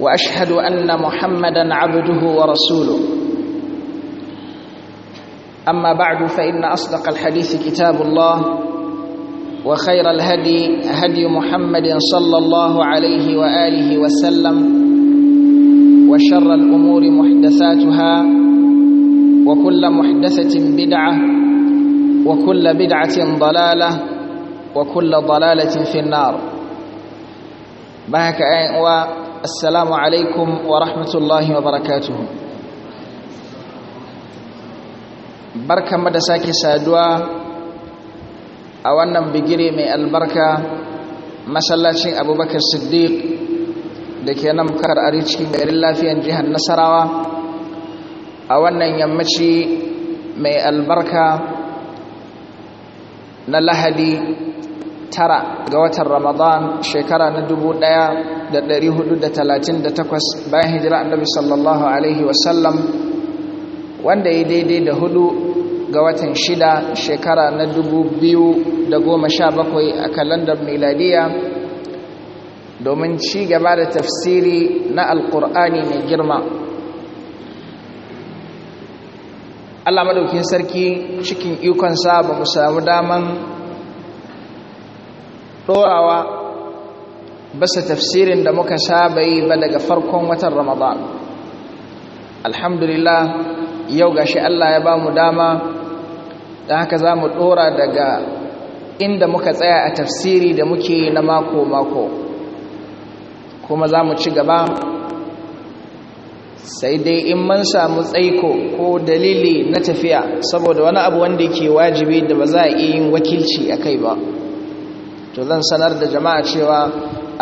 واشهد ان محمدا عبده ورسوله اما بعد فان اصدق الحديث كتاب الله وخير الهدي هدي محمد صلى الله عليه واله وسلم وشر الامور محدثاتها وكل محدثه بدعه وكل بدعه ضلاله وكل ضلاله في النار بهك و السلام عليكم ورحمة الله وبركاته بركة مدساكي سادوا أولا بقري من البركة مسلاتين أبو بكر الصديق لكي أنا مكرر أريتشكي غير الله في أنجيها النصر أولا يمشي من البركة نلهدي tara ga watan ramadan shekara na dubu ɗaya da ɗari hudu da talatin da takwas bayan hijira annabi sallallahu alaihi wasallam wanda ya daidai da hudu ga watan shida shekara na dubu biyu da goma sha bakwai a kalandar miladiya domin ci gaba da tafsiri na alkur'ani mai girma allah madaukin sarki cikin ikonsa ba mu samu daman ɗorawa basa tafsirin da muka saba yi ba daga farkon watan ramadan alhamdulillah yau gashi Allah ya ba mu dama da haka za mu ɗora daga inda muka tsaya a tafsiri da muke na mako-mako kuma za mu ci gaba sai dai in mun samu tsaiko ko dalili na tafiya saboda wani abu wanda ke wajibi da ba za a iya yin wakilci a kai ba to zan sanar da jama'a cewa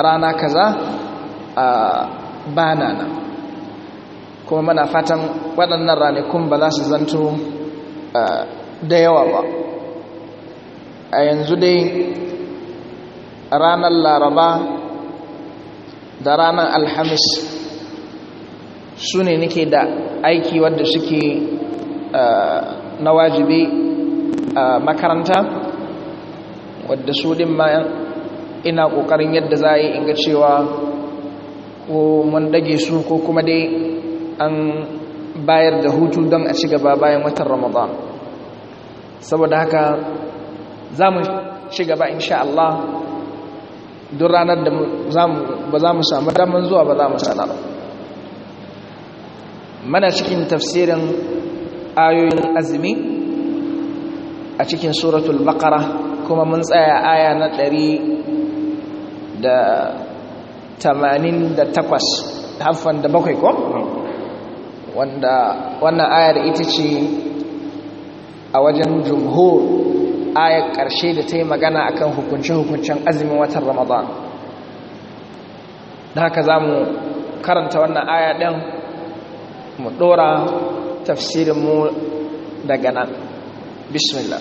rana kaza a bana na kuma mana fatan waɗannan ranakun ba za su zanto da yawa ba a yanzu dai ranar laraba da ranar alhamis su ne nake da aiki wadda suke na wajibi a makaranta wadda su din ma ina ƙoƙarin yadda za a yi inga cewa ko mun dage su ko kuma dai an bayar da hutu don a ci bayan watan ramadan saboda haka za mu ci gaba insha Allah duk ranar da ba za mu samu damar zuwa ba za mu sana mana cikin tafsirin ayoyin azumi a cikin suratul baqarah kuma mun tsaya aya na ɗari da tamanin da takwas haffan da bakwai ko? wanda wannan ayar ita ce a wajen jumhur ayar ƙarshe da ta yi magana a kan hukunce-hukuncen azumin watan ramadan da haka za mu karanta wannan aya ɗin mu ɗora tafsirinmu daga nan bismillah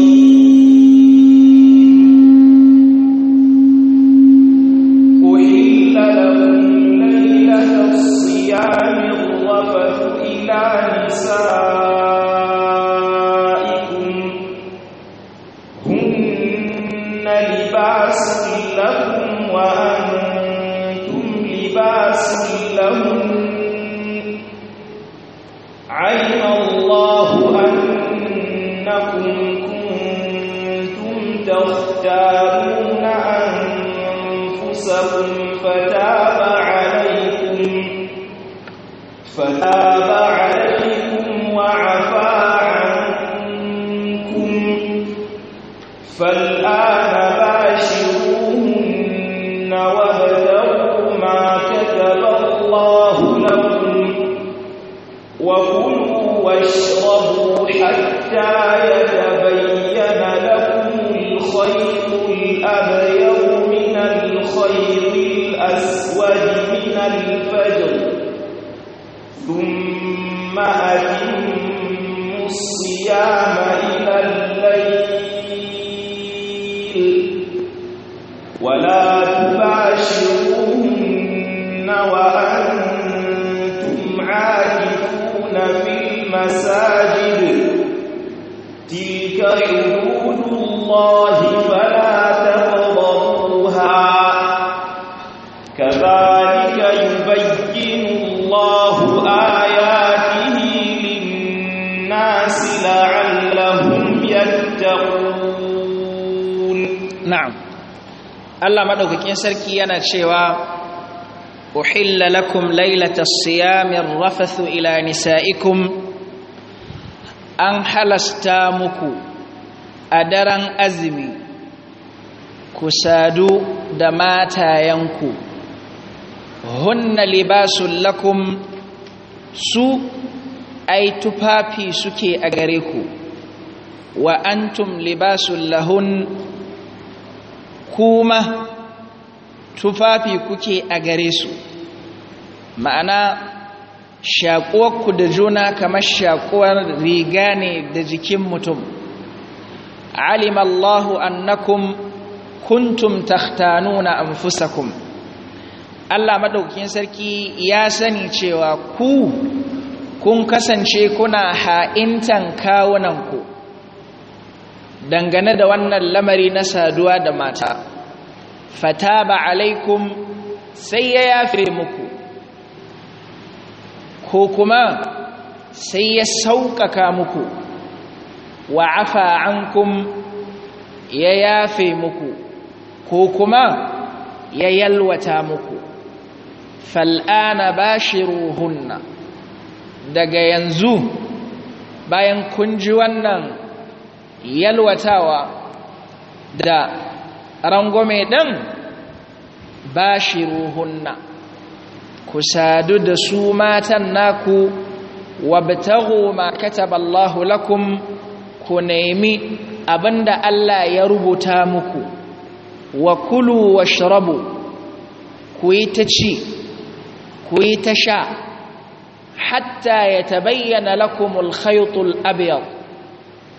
كذلك يبين الله آياته للناس لعلهم يتقون نعم الله مدوكين سركي أنا شيوا أحل لكم ليلة الصيام الرفث إلى نسائكم an halasta muku a daren azumi ku sadu da matayenku hunna libasun lakum su ai tufafi suke a gare ku wa antum libasun lahun kuma tufafi kuke a gare su ma'ana shaƙuwarku da juna kamar shaƙuwar riga ne da jikin mutum alimallahu annakum kuntum tahtanuna anfusakum Allah maɗaukin sarki ya sani cewa ku kun kasance kuna ha'intan kawunanku dangane da wannan lamari na saduwa da mata fata ba alaikum sai ya yafe muku ko kuma sai ya sauƙaƙa muku wa afa ankum ya yafe muku ko kuma ya yalwata muku fal'ana bashiruhunna daga yanzu bayan kun ji wannan yalwatawa da rangome ɗin ruhunna. ku sadu da su matan naku wa wabtahu ma kataballahu lakum ku nemi abinda Allah ya rubuta muku wa kulu wa shirabu ku yi ta ci كويتشا حتى يتبين لكم الخيط الأبيض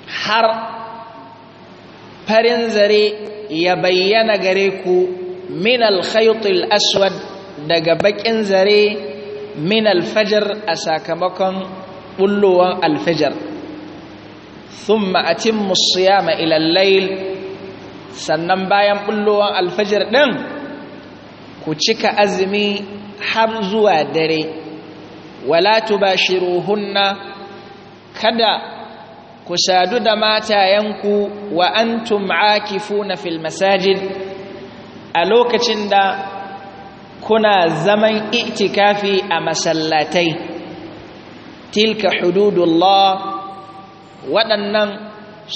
حر برنزري يبين غريكو من الخيط الأسود دقبك انزري من الفجر أساكمكم قلوا الفجر ثم أتم الصيام إلى الليل سنن بايم قلوا الفجر نم كوشك أزمي har zuwa dare wala tubashiruhunna kada ku sadu da matayenku wa antum akifuna fil masajid a lokacin da kuna zaman itikafi a masallatai tilka hududullah waɗannan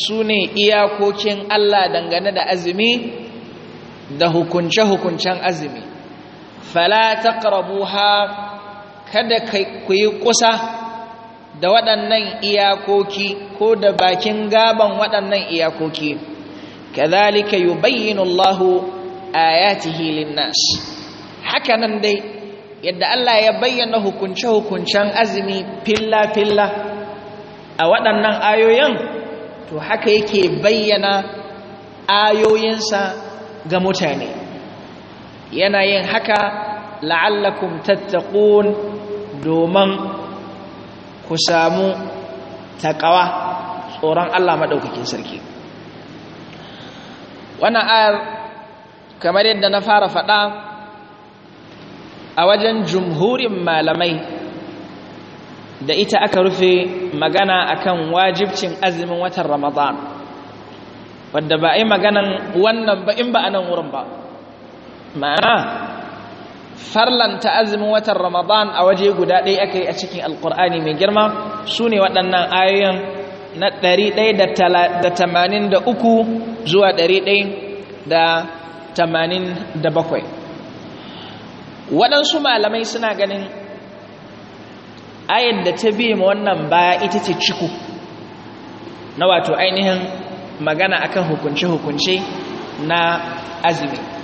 sune iyakokin Allah dangane da azumi da hukunce-hukuncen azumi fala taqrabuha kada ku yi kusa da waɗannan iyakoki ko da bakin gaban waɗannan iyakoki kadhalika yubayyinu Allahu ayatihi linnas haka nan dai yadda Allah ya bayyana hukunce-hukuncen azumi filla-filla a waɗannan ayoyin to haka yake bayyana ayoyinsa ga mutane yana yin haka la'allakum tattaqun domin ku samu taqawa tsoron Allah madaukakin sarki wannan ayar kamar yadda na fara faɗa a wajen jumhurin malamai da ita aka rufe magana akan wajibcin azumin watan ramadan wadda ba a yi maganan wannan ba in ba a nan wurin ba ma'ana ta azumin watan ramadan a waje guda ɗaya aka yi a cikin alkur'ani mai girma su ne waɗannan ayoyin na 183 zuwa 187 waɗansu malamai suna ganin ayar da ta biye ma wannan baya ita ce ciku na wato ainihin magana akan hukunce-hukunce na azumi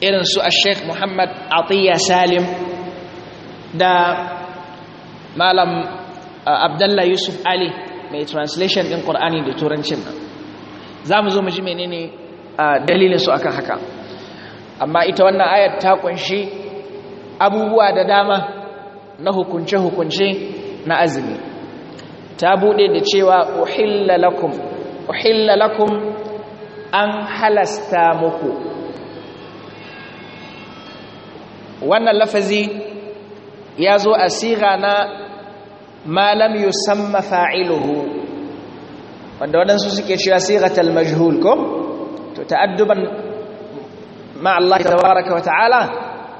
irin su a sheikh muhammad atiyya salim da malam uh, abdallah yusuf ali mai translation ɗin ƙur'ani da turancin nan za mu zo mu ji menene uh, dalilinsu akan haka amma ita wannan ayat ta kunshi abubuwa da dama na hukunce-hukunce na azumi ta buɗe da cewa uhilla lakum uhilla an halasta muku wannan lafazi ya zo a siga na malam yusamma fa'iluhu wanda waɗansu suke shi a sigatal majhul ko to ta'adduban ma Allah tabaraka wa ta'ala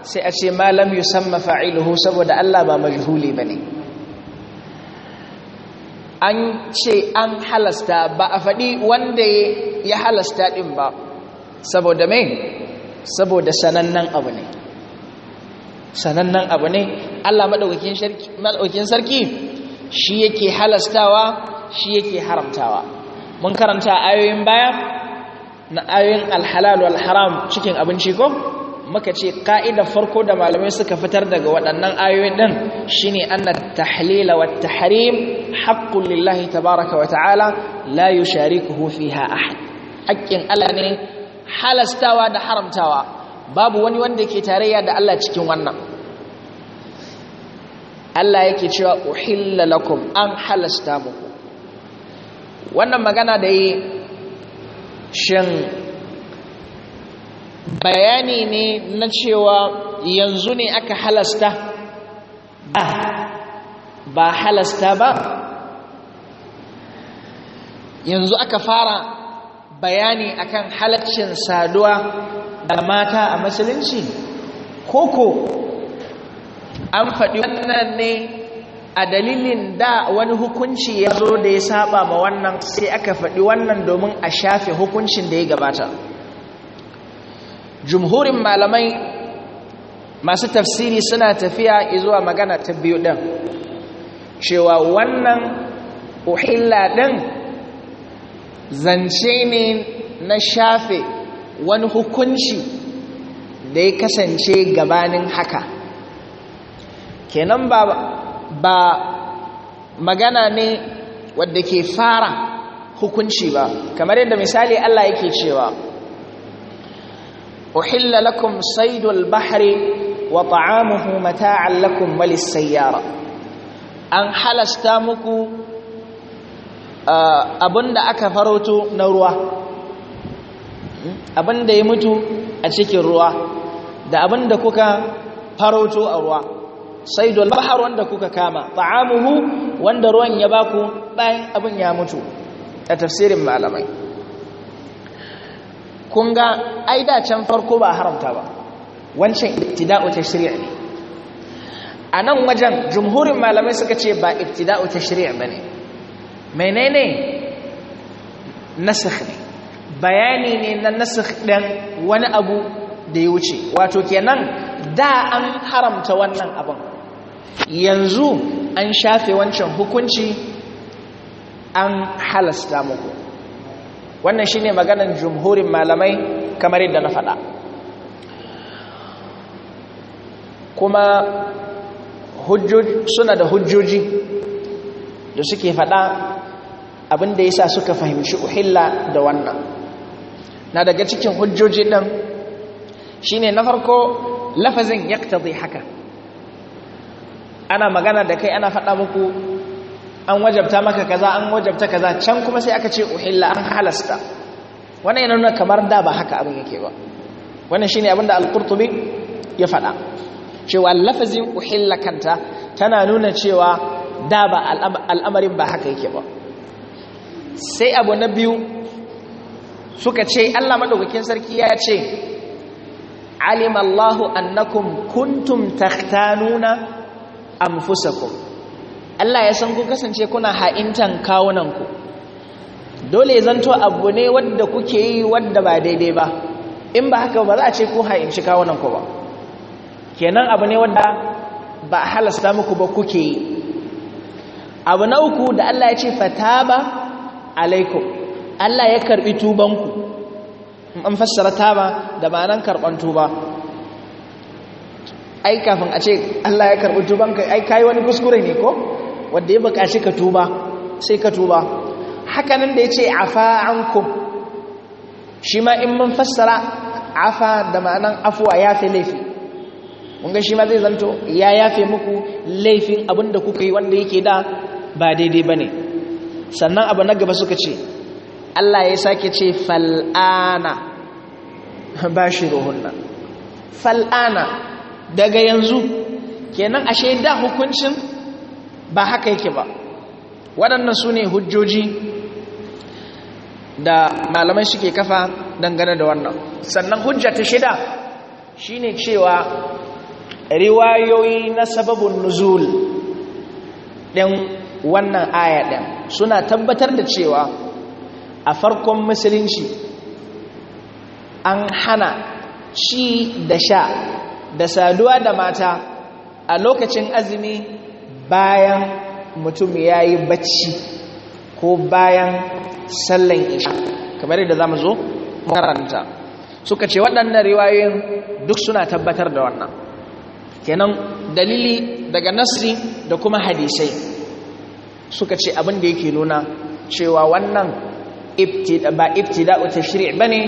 sai a ce malam yusamma fa'iluhu saboda Allah ba majhuli bane an ce an halasta ba a faɗi wanda ya halasta ɗin ba saboda mai saboda sanannen abu ne sanannen abu ne Allah maɗaukakin sarki shi yake halastawa shi yake haramtawa mun karanta ayoyin baya na ayoyin alhalal wal haram cikin abinci ko muka ce ka'idar farko da malamai suka fitar daga waɗannan ayoyin ɗin shine anna tahlila wat tahrim haqqun lillahi tabaaraka wa ta'ala la yusharikuhu fiha ahad haƙƙin Allah ne halastawa da haramtawa babu wani wanda ke tarayya da Allah cikin wannan Allah yake cewa uhilla lakum an halasta muku wannan magana da yi shin bayani ne na cewa yanzu ne aka halasta ba ba halasta ba yanzu aka fara bayani akan halaccin saduwa mata a musulunci koko an faɗi wannan ne a dalilin da wani hukunci ya zo da ya saba ma wannan sai aka faɗi wannan domin a shafe hukuncin da ya gabata jumhurin malamai masu tafsiri suna tafiya izuwa magana ta biyu ɗin cewa wannan uhilla ɗin zance ne na shafe wani hukunci da ya kasance gabanin haka kenan ba ba magana ne wadda ke fara hukunci ba kamar yadda misali Allah yake cewa uhilla lakum saidul bahri wa ta'amuhu mata'an lakum walis sayyara an halasta muku uh, abinda aka faroto na ruwa abin da ya mutu a cikin ruwa da abin da kuka faroto a ruwa sai da bahar wanda kuka kama ta'amuhu wanda ruwan ya baku bayan abin ya mutu a tafsirin malamai kun ga ai da can farko ba haramta ba wancan ibtida'u tashri' ne anan wajen jumhurin malamai suka ce ba ibtida'u tashri' bane menene nasakh ne bayani ne na nasakh ɗan wani abu da ya wuce wato kenan da an haramta wannan abin yanzu an shafe wancan hukunci an halasta muku wannan shine maganan jumhurin malamai kamar yadda na faɗa kuma suna da hujjoji da suke faɗa abinda ya sa suka fahimci uhilla da wannan na daga cikin hujjoji ɗin Shi ne na farko lafazin yaktazi haka ana magana da kai ana faɗa muku an wajabta maka kaza an wajabta kaza can kuma sai aka ce uhilla an halasta wannan yana nuna kamar da ba haka abin yake ba wannan shi ne abinda al-qurtubi ya faɗa cewa lafazin uhilla kanta tana nuna cewa da ba al'amarin ba haka yake ba sai abu na biyu suka ce Allah madaukakin sarki ya ce alimallahu annakum kuntum takhtanuna anfusakum Allah ya san ku kasance kuna ha'intan kawunanku dole zanto abu ne wadda kuke yi wadda ba daidai ba in ba haka ba za a ce ku ha'inci kawunanku ba kenan abu ne wadda ba halasta muku ba kuke yi abu na uku da Allah ya ce fataba alaikum Allah ya karbi tubanku an fassara ta ba da nan karban tuba ai kafin a ce Allah ya karbi tubanka ai kai wani kuskure ne ko wanda ya bukaci ka tuba sai ka tuba haka nan da yace afa ankum shi ma in mun fassara afa da ma'anan ya yafe laifi mun ga shi ma zai zanto ya yafe muku laifin abinda kuka yi wanda yake da ba daidai bane sannan abu na gaba suka ce Allah ya sake ce fal'ana ba shi ruhunan fal'ana daga yanzu kenan ashe da hukuncin ba haka yake ba waɗannan su ne hujjoji da malamai suke kafa dangane da wannan sannan hujja ta shida ne cewa riwayoyi na sababin nuzul ɗin wannan aya suna tabbatar da cewa a farkon musulunci an hana ci da sha da saduwa da mata a lokacin azumi bayan mutum ya yi bacci ko bayan sallan isha kamar yadda za mu zo makaranta suka ce waɗannan riwayoyin duk suna tabbatar da wannan kenan dalili daga nasri da kuma hadisai suka ce abin da yake nuna cewa wannan ba ibtida'u tashri' bane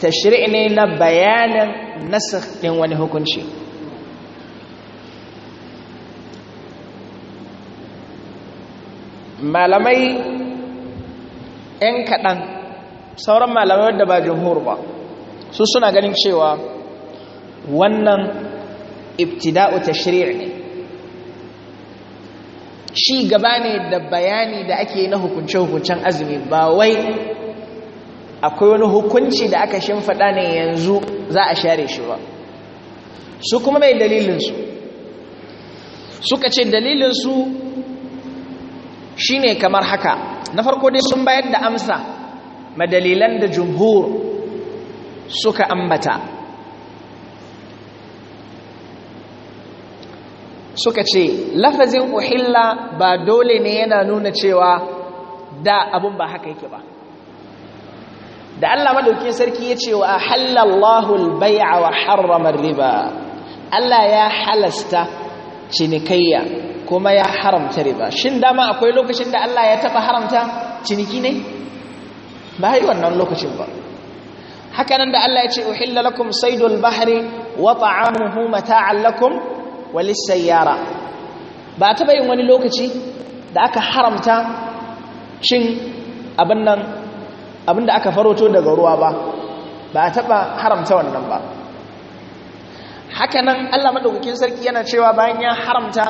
tashri' ne na bayanin nasakh din wani hukunci malamai ‘yan kaɗan sauran malamai wadda ba jumhur ba su suna ganin cewa wannan ibtida'u tashri' ne shi gaba ne da bayani da ake na hukunce-hukuncen azumi ba wai akwai wani hukunci da aka shimfaɗa ne yanzu za a share shi ba su kuma mai dalilinsu suka ce dalilinsu shi ne kamar haka na farko dai sun bayar da amsa madalilan da jumhur suka ambata suka ce lafazin uhilla ba dole ne yana nuna cewa da abun ba haka yake ba da Allah madaukin sarki ya ce wa halallahu albaya wa harrama riba Allah ya halasta cinikayya kuma ya haramta riba shin dama akwai lokacin da Allah ya taba haramta ciniki ne ba yi wannan lokacin ba hakanan da Allah ya ce uhilla lakum saydul bahri wa ta'amuhu mata'an lakum walisayyara yara, ba taɓa yin wani lokaci da aka haramta cin abin nan abin da aka faroto daga ruwa ba ba a taɓa haramta wannan ba hakanan Allah madaukakin sarki yana cewa bayan ya haramta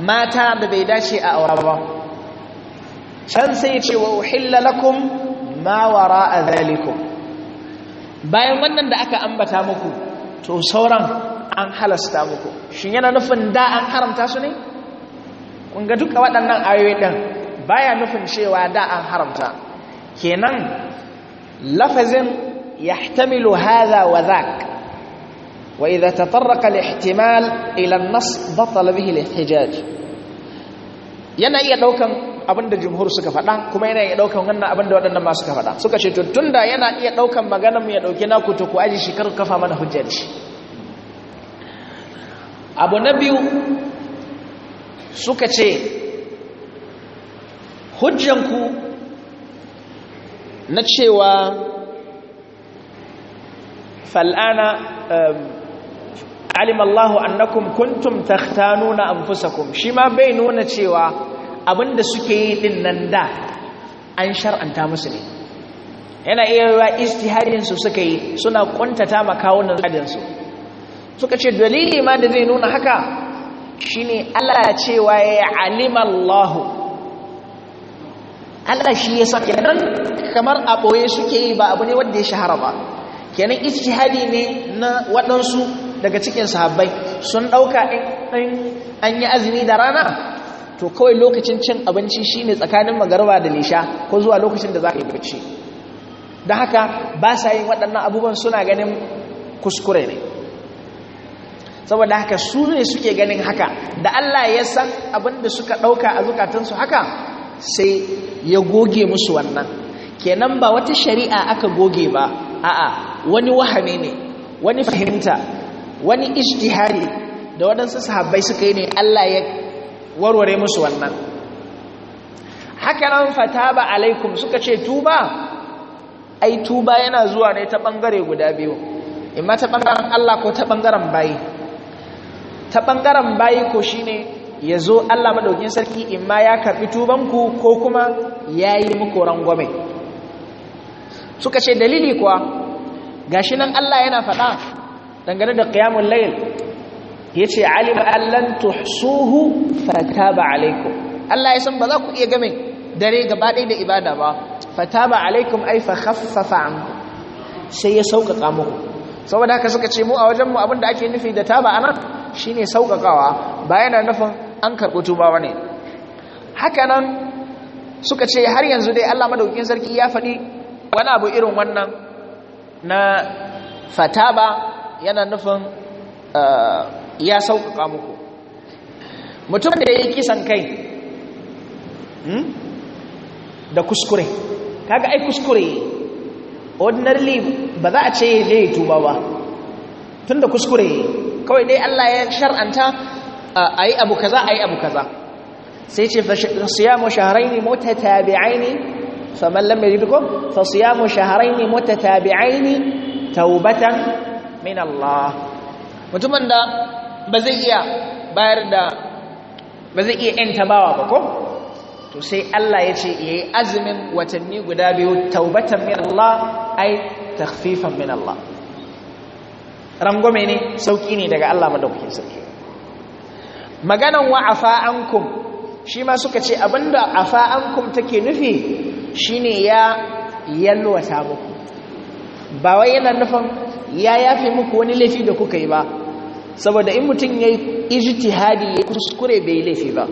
mata da bai dace a aure ba can sai ya ce wa uhilla lakum ma wara'a zalikum bayan wannan da aka ambata muku to sauran an halasta muku shin yana nufin da an haramta su ne kun ga duka waɗannan ayoyi ɗin baya nufin cewa da an haramta kenan lafazin yahtamilu hadha wa dhak wa idha tatarraqa al-ihtimal ila an-nass batala bihi al-ihtijaj yana iya daukan abin da jumhur suka faɗa kuma yana iya daukan wannan abin da waɗannan ma suka faɗa suka ce tun da yana iya daukan maganar mu ya dauke na ku to ku aji shi kar kafa mana hujjar shi abu na biyu suka ce hujjanku na cewa fal'ana um, alimallahu annakum kuntum nuna anfusakum shi ma bai nuna cewa abinda suke yi din nan da an shar'anta musu ne yana iya yiwa istiharin su suka yi suna kuntata makawunan su suka ce dalili ma da zai nuna haka Shi ne Allah cewa ya alima Allahu Allah shi ya sake nan kamar a suke yi ba abu ne wanda ya shahara ba kenan hadi ne na waɗansu daga cikin sahabbai sun ɗauka an yi azumi da rana to kawai lokacin cin abinci shi ne tsakanin magarba da nisha ko zuwa lokacin da za ka yi bacci don haka ba sa yin waɗannan abubuwan suna ganin kuskure ne saboda haka su ne suke ganin haka da Allah ya san abin da suka ɗauka a zukatansu haka sai ya goge musu wannan kenan ba wata shari'a aka goge ba a'a wani wahane ne wani fahimta wani ishtihari da waɗansu sahabai suka yi ne Allah ya warware musu wannan haka nan ba alaikum suka ce tuba ai tuba yana zuwa ne ta ɓangare guda biyu imma ta ɓangaren Allah ko ta ɓangaren bayi ta ɓangaren bayi ko shi ne ya zo Allah maɗaukin sarki in ma ya karɓi tubanku ko kuma ya yi muku rangwame suka ce dalili kuwa gashi nan Allah yana faɗa dangane da ƙiyamun layin. ya ce alim allan tuhsuhu ba alaikum Allah ya san ba za ku iya game dare gaba ɗaya da ibada ba ba alaikum ai fa khaffafa an sai ya sauƙaƙa muku saboda haka suka ce mu a wajenmu abinda ake nufi da taba anan shine sauƙaƙawa ba yana nufin an karɓi tubawa ne hakanan suka ce har yanzu dai allah madaukin sarki ya faɗi wani abu irin wannan na ba yana nufin eh, ya sauƙaƙa muku mutum da ya yi kisan kai hmm, da kuskure kaga ai kuskure ordinarily ba za a ce ya ya tuba ba tun da kuskure kawai dai Allah ya shar'anta a yi abu kaza a yi abu kaza sai ce siyamu shaharaini mutatabi'aini faman lam yajidkum fa siyamu shaharaini mutatabi'aini taubatan min Allah mutumin da ba zai iya bayar da ba zai iya yanta bawa ba ko to sai Allah ya ce ya yi azumin watanni guda biyu taubatan min Allah ai takhfifan min Allah rangwame ne Sauki ne daga Allah madaukakin sarki maganan wa afa'ankum shi ma suka ce abinda afa'ankum take nufi shine ya yalwata muku ba wai yana nufin ya yafe muku wani laifi da kuka yi ba saboda in mutum ya yi ijtihadi ya kuskure bai laifi ba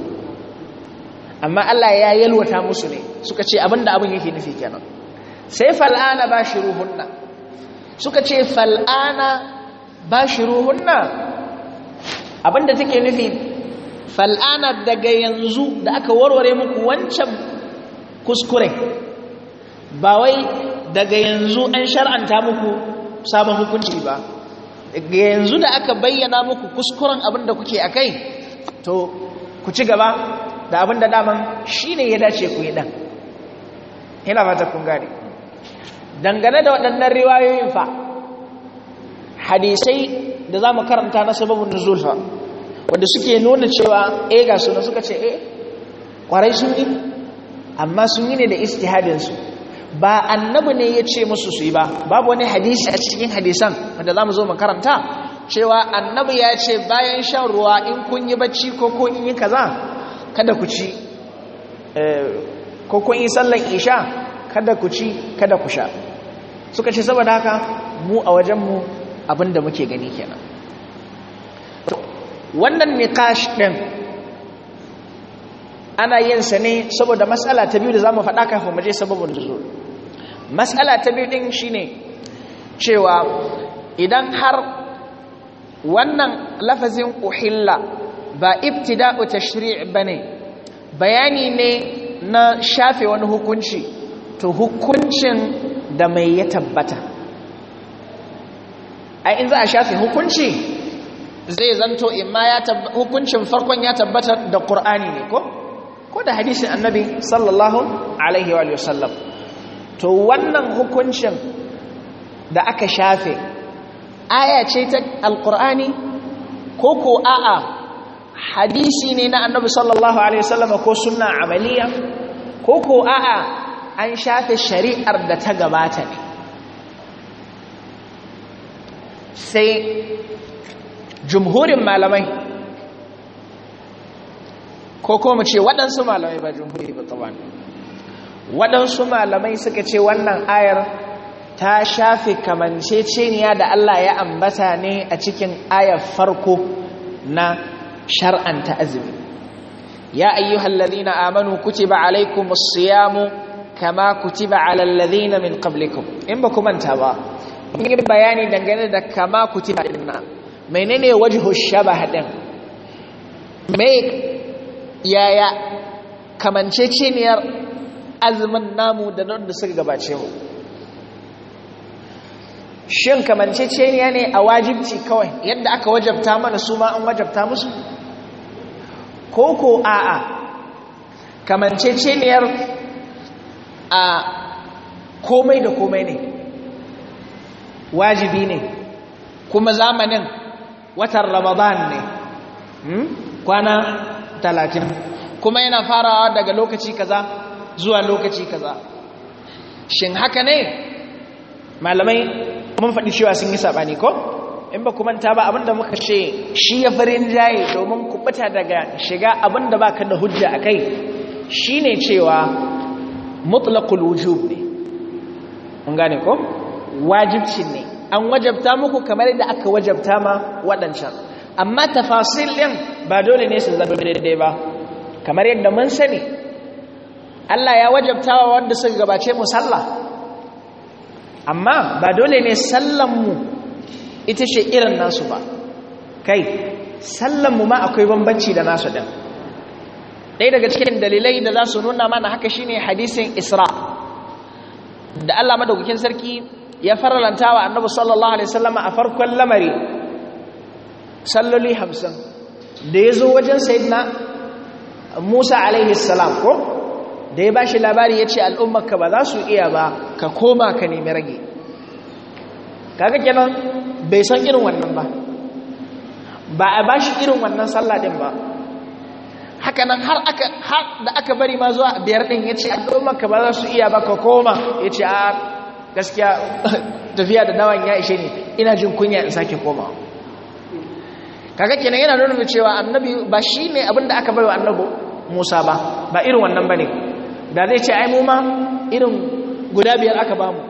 amma Allah ya yalwata musu ne suka ce abinda abin yake nufi kenan sai fal'ana ba shi suka ce fal'ana ba shi ruhunna abinda take nufi fal'ana daga yanzu da aka warware muku wancan kuskure ba wai daga yanzu an shar'anta muku sabon hukunci ba daga yanzu da aka bayyana muku kuskuren abinda kuke a kai to ku ci gaba da abinda daman shi ne ya dace ku yi dan. ina fata kun gane dangane da waɗannan riwayoyin fa hadisai da za mu karanta na sababin nuzulfa wanda suke nuna cewa eh ga suna suka ce eh kwarai sun yi amma sun yi ne da istihadinsu ba annabi ne ya ce musu su yi ba babu wani hadisi a cikin hadisan wanda za mu zo mu karanta cewa annabi ya ce bayan shan ruwa in kun yi bacci ko ko in yi kaza kada ku ci eh, ko kun yi sallan isha kada ku ci kada ku sha suka ce saboda haka mu a wajenmu abinda muke gani kenan wannan nikash ɗin ana yin sa ne saboda matsala ta biyu da zamu mu faɗa kafin mu je sababin zuzo matsala ta biyu ɗin shine cewa idan har wannan lafazin uhilla ba ibtida'u tashri' bane bayani ne na shafe wani hukunci to hukuncin da mai ya tabbata ai in za a shafe hukunci zai zanto imma ya hukuncin farkon ya tabbatar da qur'ani ne ko ko da hadisin annabi sallallahu alaihi wa sallam to wannan hukuncin da aka shafe aya ce ta alqur'ani ko ko a'a hadisi ne na annabi sallallahu alaihi wa sallam ko suna amaliya ko ko a'a an shafe shari'ar da ta gabata ne sai jumhurin malamai ko kuma ce waɗansu malamai ba jumhuri ba tsawon waɗansu malamai suka ce wannan ayar ta shafi kamanceceniya da Allah ya ambata ne a cikin ayar farko na shar'anta azumi ya ayyuhal ladina amanu kutiba alaikumus siyamu kama kutiba alal ladina min qablikum in ba ku manta ba yi bayani dangane da kama kutiba din nan menene wajhu shabah din mai yaya kamanceceniyar azumin namu da nan da suka gabace mu shin kamanceceniya ne a wajibci kawai yadda aka wajabta mana su ma an wajabta musu ko ko a'a kamanceceniyar a komai da komai ne wajibi ne kuma zamanin watan ramadan ne hmm? kwana talatin kuma yana farawa daga lokaci kaza zuwa lokaci kaza shin haka ne malamai mun faɗi cewa sun yi saɓani ko in ba manta ba abinda muka ce shi ya farin jaye domin kubuta daga shiga abinda ba ka da hujja a kai shi ne cewa mutlaƙul wujub ne mun gane ko wajibcin ne an wajabta muku kamar yadda aka wajabta ma waɗancan amma tafasil ba dole ne su zama daidai ba kamar yadda mun sani Allah ya wajabta wa wanda suka gabace mu sallah amma ba dole ne sallanmu ita ce irin nasu ba kai sallanmu ma akwai bambanci da nasu ɗin ɗaya daga cikin dalilai da za su nuna mana haka shine hadisin isra da Allah madaukakin sarki ya faralanta wa annabi sallallahu alaihi wasallam a farkon lamari salloli hamsin da ya zo wajen sayidina musa alaihi salam ko da ya ba shi labari ya ce al'ummarka ba za su iya ba ka koma ka nemi rage kaga kenan bai san irin wannan ba ba a ba shi irin wannan salladin ba haka nan har da aka bari ma zuwa biyar ɗin ya ce al'ummarka ba za su iya ba ka koma ya ce a gaskiya tafiya da nawan ya ishe ne ina jin kunya in sake koma kaga kenan yana nuna cewa annabi ba shine abin da aka baiwa annabi musa ba ba irin wannan bane da zai ce ai mu ma irin guda biyar aka ba mu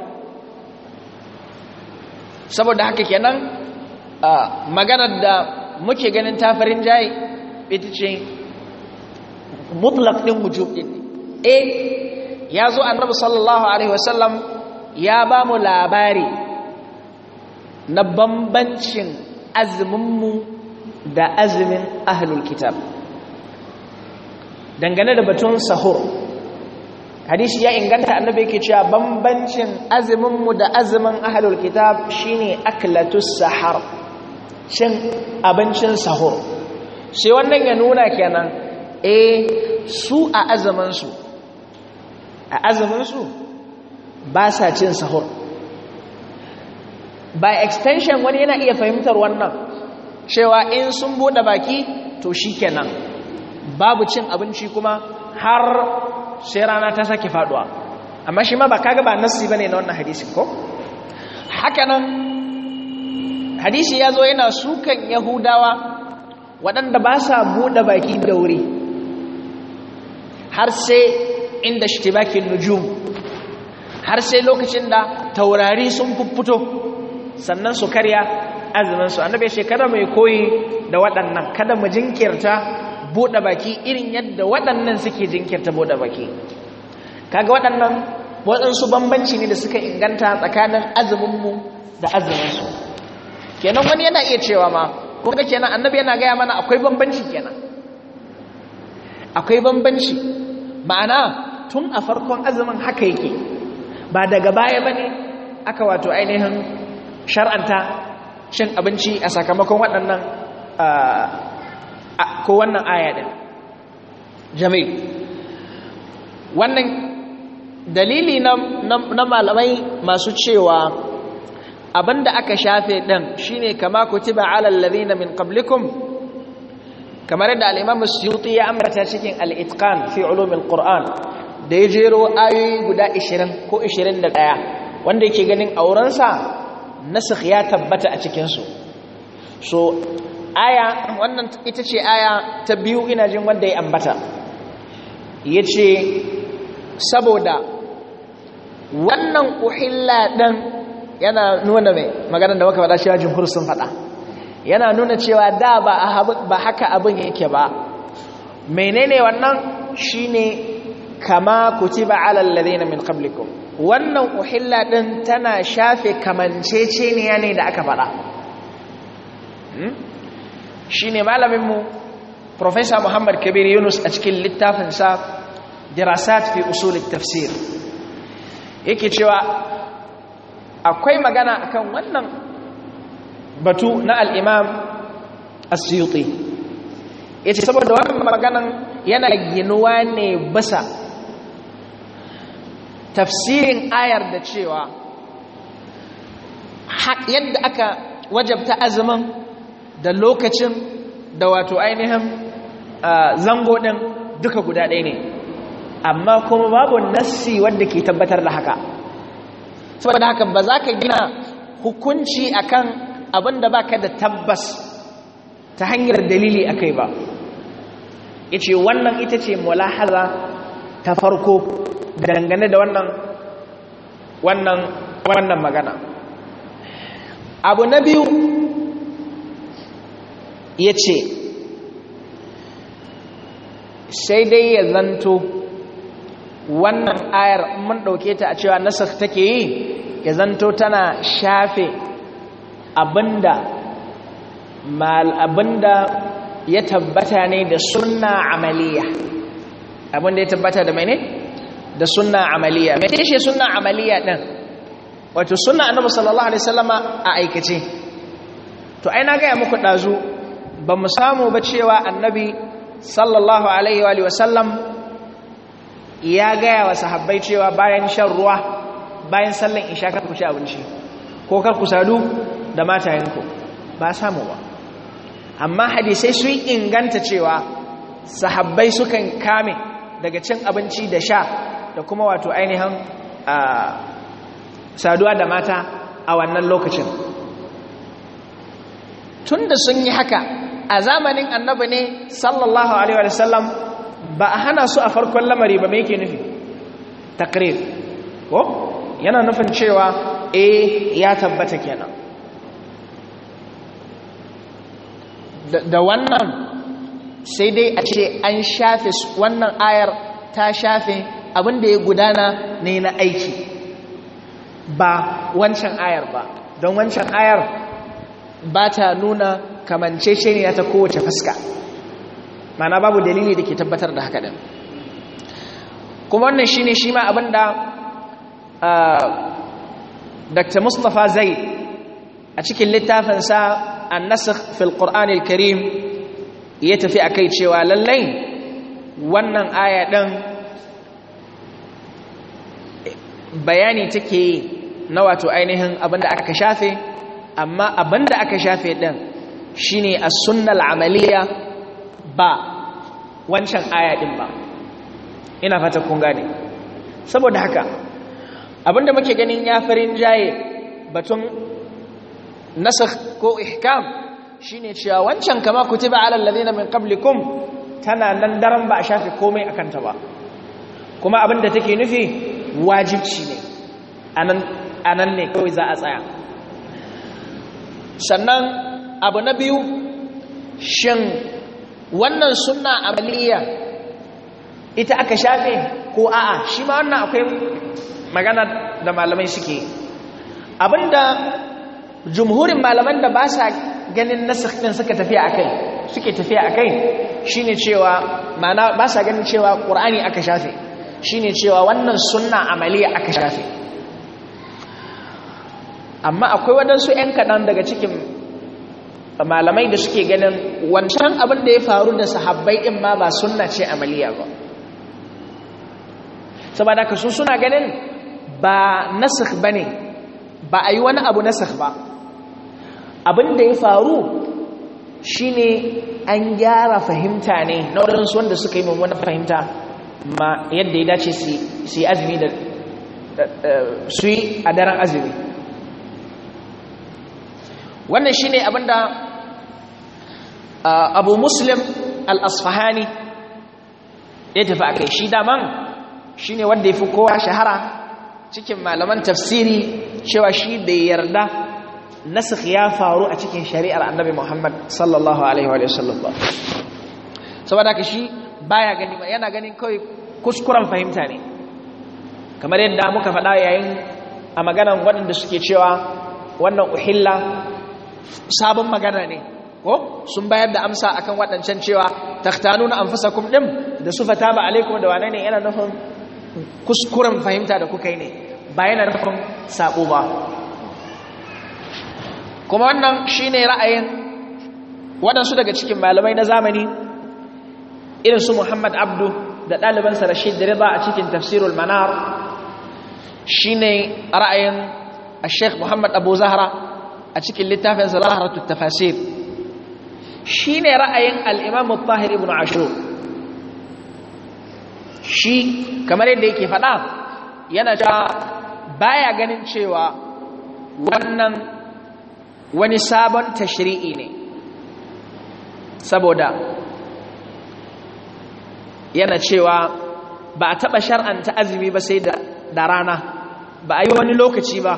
saboda haka kenan maganar da muke ganin tafarin jaye ita ce mutlak ɗin wujub eh ya zo annabi sallallahu alaihi wasallam ya ba mu labari na bambancin azuminmu da azumin ahlul kitab dangane da batun sahur hadisi ya inganta annabi yake cewa bambancin azuminmu da azumin ahlul kitab shine aklatus sahar shin abincin sahur sai wannan ya nuna kenan eh su a azumin su a azumin su ba sa cin sahur by extension wani yana iya fahimtar wannan cewa in sun bude baki to shi shikenan babu cin abinci kuma har sai rana ta sake faduwa amma shi ma ba kaga ba nassi bane na wannan hadisi ko Haka nan hadisi ya zo yana sukan yahudawa waɗanda ba sa bude baki da wuri har sai inda shi bakin nujum har sai lokacin da taurari sun fito sannan su karya azuminsu annabi shi kada mai koyi da waɗannan kada mu jinkirta buɗe baki irin yadda waɗannan suke jinkirta buɗe baki kaga waɗannan waɗansu bambanci ne da suka inganta tsakanin azuminmu da azuminsu kenan wani yana iya cewa ma kuma kenan annabi yana gaya mana akwai bambanci kenan akwai bambanci ma'ana tun a farkon azumin haka yake ba daga baya ba ne aka wato ainihin shar'anta cin abinci a sakamakon waɗannan ko wannan aya ɗin jami'i wannan dalili na malamai masu cewa abinda aka shafe ɗin shine kama kutiba alal na min qablikum kamar yadda al'imam suyuti ya ambata cikin al'itkan fi ulumin ƙur'an da ya jero ayoyi guda 20 ko 21 wanda yake ganin aurensa nasikh ya tabbata a cikinsu so aya wannan ita ce aya ta biyu ina jin wanda ya ambata yace saboda wannan uhilla dan yana nuna mai maganar da muka faɗa shi jimhur sun faɗa yana nuna cewa da ba haka abin yake ba menene wannan shine kama kutiba alal ladina min qablikum wannan uhilla din tana shafe kamanceceniya ne da aka faɗa hmm? shine malamin mu professor Muhammad Kabir Yunus a cikin littafin sa Dirasat fi usul tafsir yake cewa akwai magana akan wannan batu na al-Imam As-Suyuti yace saboda wannan maganan yana ginuwa ne basa tafsirin ayar da cewa yadda aka wajabta azumin da lokacin da wato ainihin zango ɗin duka guda ɗaya ne amma kuma babu nassi wadda ke tabbatar da haka saboda haka ba za ka gina hukunci akan abin da ba ka da tabbas ta hanyar dalili akai ba Ya ce wannan ita ce mulahaza ta farko dangane da wannan wannan wannan magana abu na biyu ya ce sai dai ya zanto wannan ayar mun ɗauke ta a cewa nasar take yi ya zanto tana shafe abinda mal abinda ya tabbata ne da sunna amaliya abinda ya tabbata da mai ne da suna amaliya mai ce suna amaliya ɗin wato suna annabu sallallahu alaihi sallama a aikace to ai na gaya muku ɗazu ba mu samu ba cewa annabi sallallahu alaihi wa sallam ya gaya wa sahabbai cewa bayan shan ruwa bayan sallan isha kar ku ci abinci ko kar ku sadu da matayenku ba samu ba amma hadisai sun inganta cewa sahabbai sukan kame daga cin abinci da sha da kuma wato ainihin saduwa da mata a wannan lokacin tun da sun yi haka a zamanin annabi ne sallallahu alaihi wa sallam, ba a hana su a farkon lamari ba mai ke nufi takrir ko yana nufin cewa eh ya tabbata kenan da wannan sai dai a ce an shafe wannan ayar ta shafe abin da ya gudana ne na aiki ba wancan ayar ba don wancan ayar ba ta nuna kamanceceniya ta kowace fuska mana babu dalili da ke tabbatar da haka ɗin kuma wannan shi ne shi ma abin da dr mustapha zai a cikin littafinsa an nasir fil karim ya tafi a kai cewa lallai wannan aya ɗin bayani take yi na wato ainihin abinda aka shafe amma abinda aka shafe din shine a sunnal amaliya ba wancan aya din ba ina fata kun gane saboda haka abinda muke ganin ya farin jaye batun nasakh ko ihkam shine cewa wancan kama kutiba alal ladina min qablikum tana nan daren ba a shafe komai akan ta ba kuma abinda take nufi wajibci ne a nan ne kawai za a tsaya sannan abu na biyu shin wannan sunna amaliya ita aka shafe ko a'a shi ma wannan akwai magana da malamai suke abinda jumhurin malaman da ba sa ganin nasakh din suka tafiya a kai suke tafiya a kai shine cewa ma'ana ba sa ganin cewa ƙur'ani aka shafe shine cewa wannan sunna amaliya aka shafe amma akwai wadansu 'yan kaɗan daga cikin malamai da suke ganin wancan abin da ya faru da sahabbai in ma ba sunna ce amaliya ba saboda ka su suna ganin ba nasakh bane ba a yi wani abu nasakh ba abin da ya faru shine an gyara fahimta ne na wadansu wanda suka yi mummunan fahimta ma yadda ya dace su yi azumi da su yi a daren azumi wannan shine abinda abu muslim al-asfahani ya tafi a kai shi daman shine wanda ya fi kowa shahara cikin malaman tafsiri cewa shi bai yarda nasakh ya faru a cikin shari'ar annabi Muhammad sallallahu alaihi wa sallam saboda ka shi baya gani yana ganin kawai kuskuren fahimta ne kamar yadda muka faɗa yayin a maganan waɗanda suke cewa wannan uhilla sabon magana ne ko sun bayar da amsa akan waɗancan cewa takhtanuna anfusakum din da su fata ba alaikum da wane ne yana nufin kuskuren fahimta da kuka yi ne ba yana nufin sabo ba kuma wannan shine ra'ayin waɗansu daga cikin malamai na zamani irin su muhammad abdu da ɗalibansa rashid rida a cikin tafsirul manar shi ne ra'ayin a sheikh muhammad abu zahra a cikin littafin zaharatu tafasir shi ne ra'ayin al'imamu tahir ibn Ashiru. shi kamar yadda yake faɗa yana cewa baya ganin cewa wannan wani sabon tashri'i ne saboda yana cewa ba a taɓa shar'anta azumi ba sai da rana ba a yi wani lokaci ba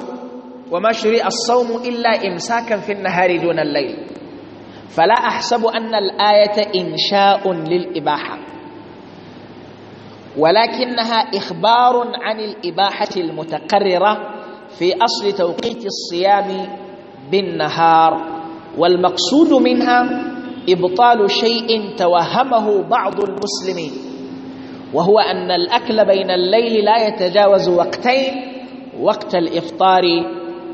wa ma shuri as-sawmu illa imsakan fi an-nahari duna al-layl fala ahsabu anna al-ayata insha'un lil ibaha walakinaha ikhbarun ولكنها إخبار عن fi asli tawqiti أصل توقيت الصيام بالنهار والمقصود منها إبطال شيء توهمه بعض المسلمين وهو أن الأكل بين الليل لا يتجاوز وقتين وقت الإفطار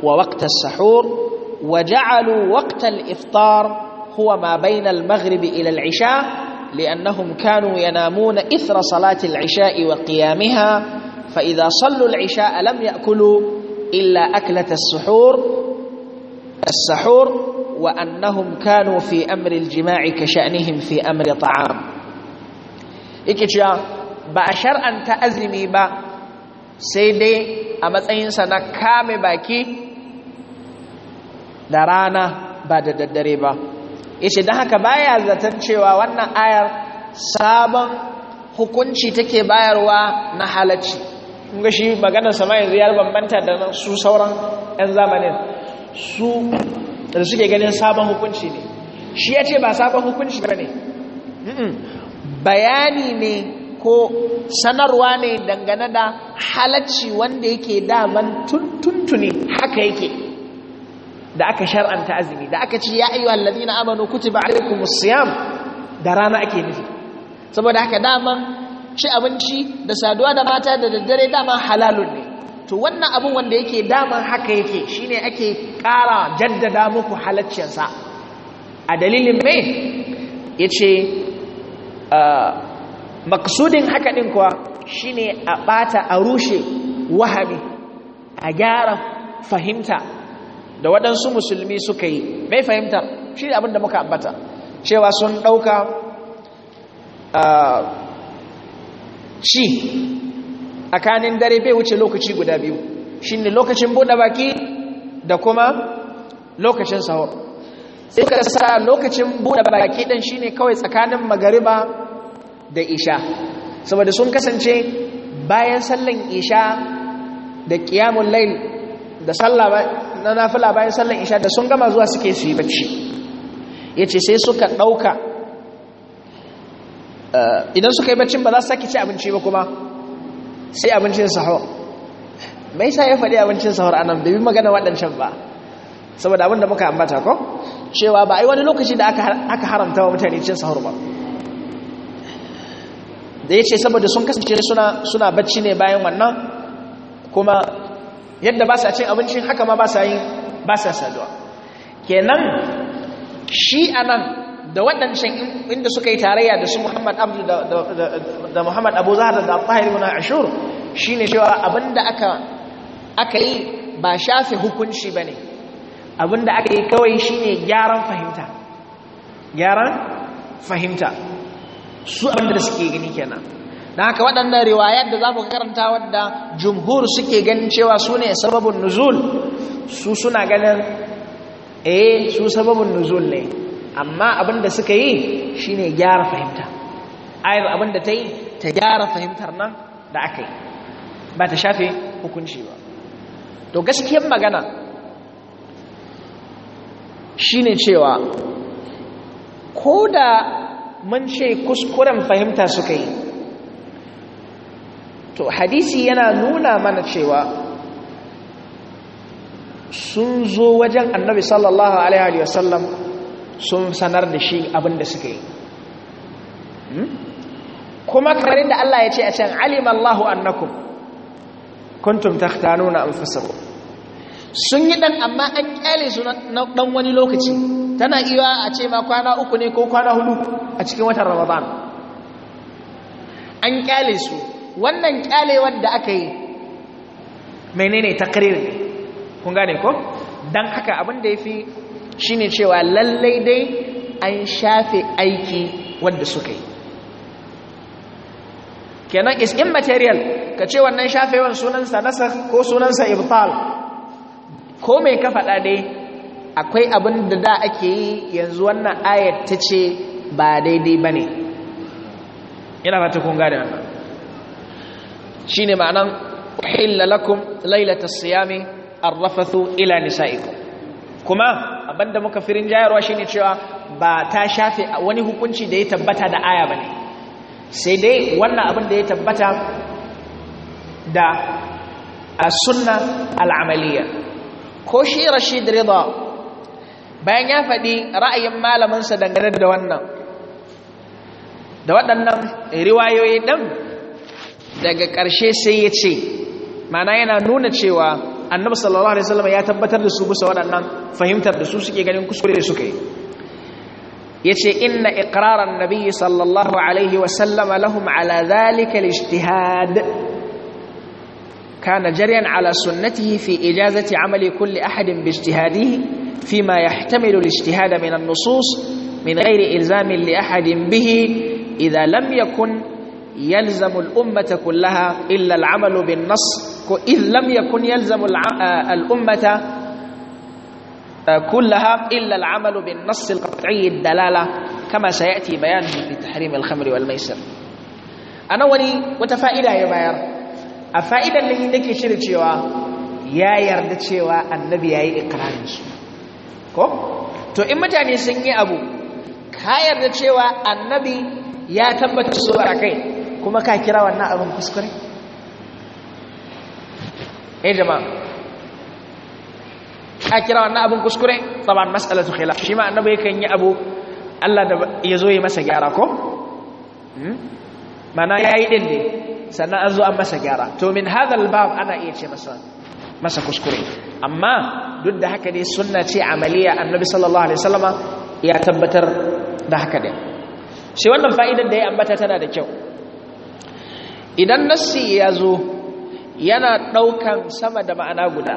ووقت السحور وجعلوا وقت الإفطار هو ما بين المغرب إلى العشاء لأنهم كانوا ينامون إثر صلاة العشاء وقيامها فإذا صلوا العشاء لم يأكلوا إلا أكلة السحور السحور وأنهم كانوا في أمر الجماع كشأنهم في أمر طعام إكتشا بأشر أن تأزمي با سيدي أمتين سنة كامي باكي درانا بعد الدريبة إيش ده كبايا زتنشي وأن آير سابا hukunci take bayarwa na halacci kunga shi maganar sama yanzu ya bambanta da su sauran 'yan zamanin su da suke ganin sabon hukunci ne shi ya ce ba sabon hukunci ba ne bayani ne ko sanarwa ne dangane da halacci wanda yake daman tuntuntuni haka yake da aka shar'anta azumi da aka ce ya na ladina amanu kutiba alaykumus siyam da rana ake nufi saboda haka daman ci abinci da saduwa da mata da daddare daman halalun ne to wannan abin wanda yake daman haka yake shine ake ƙara jaddada muku halacciyarsa a dalilin mai ya ce ah, maksudin haka ɗin kuwa shine a ɓata a rushe wahami a gyara fahimta da waɗansu musulmi suka yi mai fahimta shi abin da muka ambata cewa sun ɗauka ci ah, tsakanin dare bai wuce lokaci guda biyu shi ne lokacin buɗe baki da kuma lokacin sahur sai ka sa lokacin buɗe baki ɗin shine kawai tsakanin magariba da isha saboda sun kasance bayan sallan isha da ƙiyamun lail da sallah na nafila bayan sallan isha da sun gama zuwa suke su yi bacci ya ce sai suka ɗauka eh, idan suka yi baccin ba za su sake ci abinci ba kuma sai abincin sahur mai sa ya faɗi abincin sahur nan da bi magana waɗancan ba saboda abinda muka ambata ko cewa ba a yi wani lokaci da aka haramta wa mutane cin sahur ba da ya ce saboda sun kasance suna bacci ne bayan wannan kuma yadda ba sa cin abincin haka ma ba sa yi ba sa saduwa kenan shi a nan da waɗancan inda suka yi tarayya da su Muhammad Abdu da Muhammad Abu Zahar da Al-Tahir ibn Ashur shine cewa abinda aka aka yi ba shafe hukunci bane abinda aka yi kawai shine gyaran fahimta gyaran fahimta su abinda suke gani kenan dan haka waɗannan riwayat da zamu karanta wadda jumhur suke ganin cewa su ne sababin nuzul su suna ganin eh su sababin nuzul ne amma abinda suka yi shine gyara fahimta ayar abin ta yi ta gyara fahimtar nan da aka yi ba ta shafe hukunci ba to gaskiyar magana shine cewa ko da mun ce kuskuren fahimta suka yi to hadisi yana nuna mana cewa sun zo wajen annabi sallallahu alaihi wasallam sun sanar da shi abin da suka yi hmm? kuma kamar da Allah ya ce a can alimallahu annakum kuntum takhtanuna anfusakum sun yi dan amma an kyale su na dan wani lokaci tana iya a ce ma kwana uku ne ko kwana hudu a cikin watan Ramadan an kyale su wannan kyalewar da aka yi menene takrir kun gane ko dan haka abin da yafi Shi ne cewa lallai dai an shafe aiki wanda suka yi kenan is immaterial ka ce wannan shafewan sunansa nasar ko sunansa ibtal ko mai ka faɗa dai akwai abin da da ake yi yanzu wannan ayat ta ce ba daidai ba ne ina ta kunga da wannan shi ne ma'anan uhilla lakum lailata siyami arrafathu ila nisa'ikum kuma abinda muka firin jayarwa shine cewa ba ta shafe wani hukunci da ya tabbata da aya bane sai dai wannan abin da ya tabbata da as-sunna al ko shi Rashid Rida bayan ya faɗi ra'ayin malamin sa dangane da wannan da waɗannan riwayoyi din daga ƙarshe sai ya ce ma'ana yana nuna cewa annabi sallallahu alaihi wasallam ya tabbatar da su bisa waɗannan fahimtar da su suke ganin kuskure da suke yace inna iqraran nabiy sallallahu alaihi wasallam lahum ala dhalika al-ijtihad kana jariyan ala sunnatihi fi ijazati amali kulli ahadin bi ijtihadihi fima yahtamilu al-ijtihad min an-nusus من غير إلزام لأحد به إذا لم يكن يلزم الأمة كلها إلا العمل بالنص ko idh lam kun yalzamu al'ummata ummata kullaha illa al-amalu bin nass al-qat'i dalala kama sayati bayanuhu fi tahrim al-khamr wal maisir ana wani wata fa'ida ya bayar a fa'idan nan nake shirye cewa ya yarda cewa annabi yayi ikrarin su ko to in mutane sun yi abu ka yarda cewa annabi ya tabbata su kai kuma ka kira wannan abin kuskure eh jama'a ka kira wannan abin kuskure taban mas'alatu khilaf shi ma annabi yakan yi abu Allah da ya zo yi masa gyara ko hmm? mana yayi din ne sannan an zo an masa gyara to min hadha albab ana iya ce masa masa kuskure amma duk da haka ne sunna ce amaliya annabi sallallahu alaihi wasallama ya tabbatar da haka din shi wannan fa'idar da ya ambata tana da kyau idan nassi ya zo yana ɗaukan sama da ma'ana guda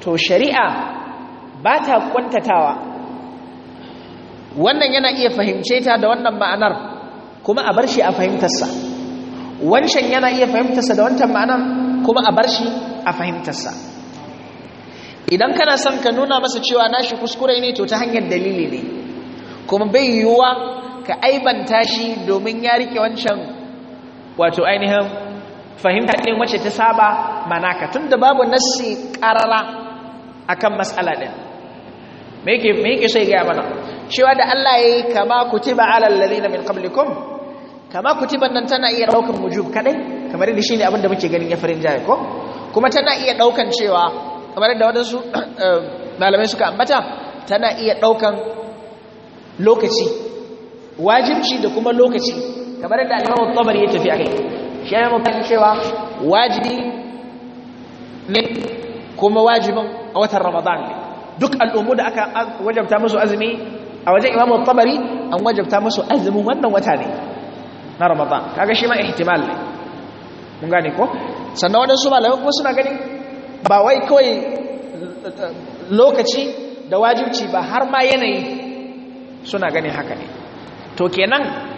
to shari'a ba ta kwantatawa wannan yana iya fahimce ta da wannan ma'anar kuma a bar shi a fahimtarsa wancan yana iya fahimtarsa da wancan ma'anar kuma a bar shi a fahimtarsa idan kana son ka nuna masa cewa nashi kuskure ne to ta hanyar dalili ne kuma bai yiwuwa ka aibanta shi domin ya rike wancan wato ainihin fahimta ɗin wacce ta saba manaka tun da babu nassi ƙarara a kan matsala ɗin me yake so ya gaya mana cewa da Allah ya yi kama kutiba alal ladina min qablikum kama kutiban nan tana iya ɗaukan mujub kaɗai kamar yadda shine abin da muke ganin ya farin jaya ko kuma tana iya ɗaukan cewa kamar yadda waɗansu eh, malamai suka ambata tana iya ɗaukan lokaci wajibci da kuma lokaci kamar yadda al-Imam al-Tabari ya tafi akai shi ya mafi cewa wajibi ne kuma wajibin a watan Ramadan ne duk al'ummu da aka wajabta musu azumi a wajen Imam al-Tabari an wajabta musu azumin wannan wata ne na Ramadan kaga shi ma ihtimal ne mun gane ko sannan su malamai kuma suna ganin ba wai kawai lokaci da wajibci ba har ma yanayi suna ganin haka ne to kenan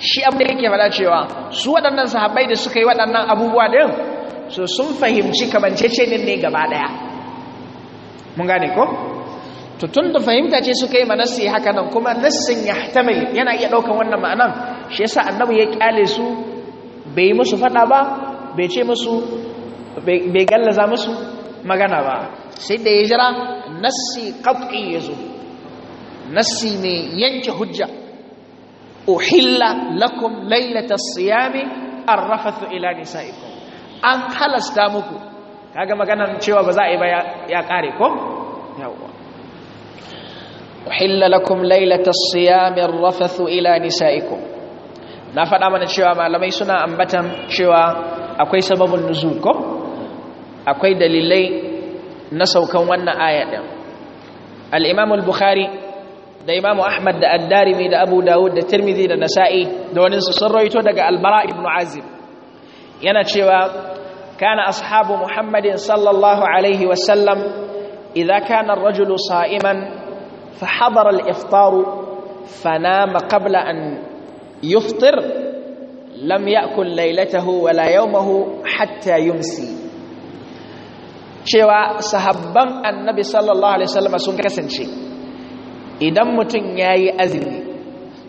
shi abin da yake fada cewa su waɗannan sahabbai da suka yi waɗannan abubuwa ɗin so sun fahimci kamanceccen ne gaba ɗaya mun gane ko to tun da fahimta ce suka yi manassi haka nan kuma nassin ya tamil yana iya ɗaukan wannan ma'anan shi yasa annabi ya kyale su bai yi musu faɗa ba bai ce musu bai gallaza musu magana ba sai da ya jira nassi ƙafi ya zo nassi ne yanke hujja uhilla lakum lailata siyami arrafathu ila nisaikum an halasta muku kaga maganar cewa ba za a yi ba ya kare ko yawwa uhilla lakum lailata siyami arrafathu ila nisaikum na faɗa mana cewa malamai suna ambatan cewa akwai sababin nuzul ko akwai dalilai na saukan wannan aya din al-imam al-bukhari da imam ahmad da ad-darimi da abu daud da tirmidhi da nasa'i da wani su sun rawaito daga al-bara ibn azib yana cewa kana ashabu muhammadin sallallahu alaihi wa sallam idza kana ar-rajulu sa'iman fa hadara al-iftar fa nama qabla an yuftir lam ya'kul laylatahu wa la yawmahu hatta yumsi cewa sahabban annabi sallallahu alaihi wa sallam sun kasance idan mutum ya yi azumi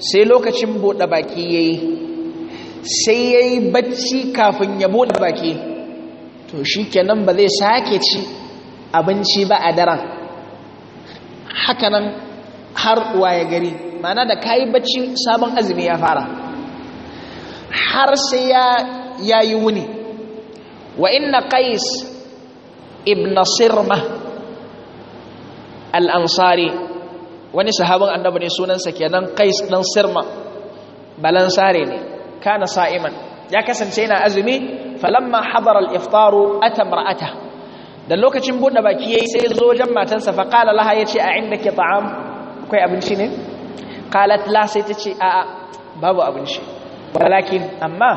sai lokacin buɗe baki ya yi sai ya yi bacci kafin ya buɗe baki to shi kenan ba zai sake ci abinci ba a daren hakanan har uwa ya gari mana da ka yi bacci sabon azumi ya fara har sai ya yi wuni wa inna qais ibn sirma al-ansari wani sahabin annabi ne sunansa kenan kais dan sirma balansare ne kana sa'iman ya kasance yana azumi falamma hadara al-iftaru ata mar'ata da lokacin bude baki yayi sai zo wajen matansa fa qala laha yace a indaki ta'am akwai abinci ne qalat la sai tace a a babu abinci walakin amma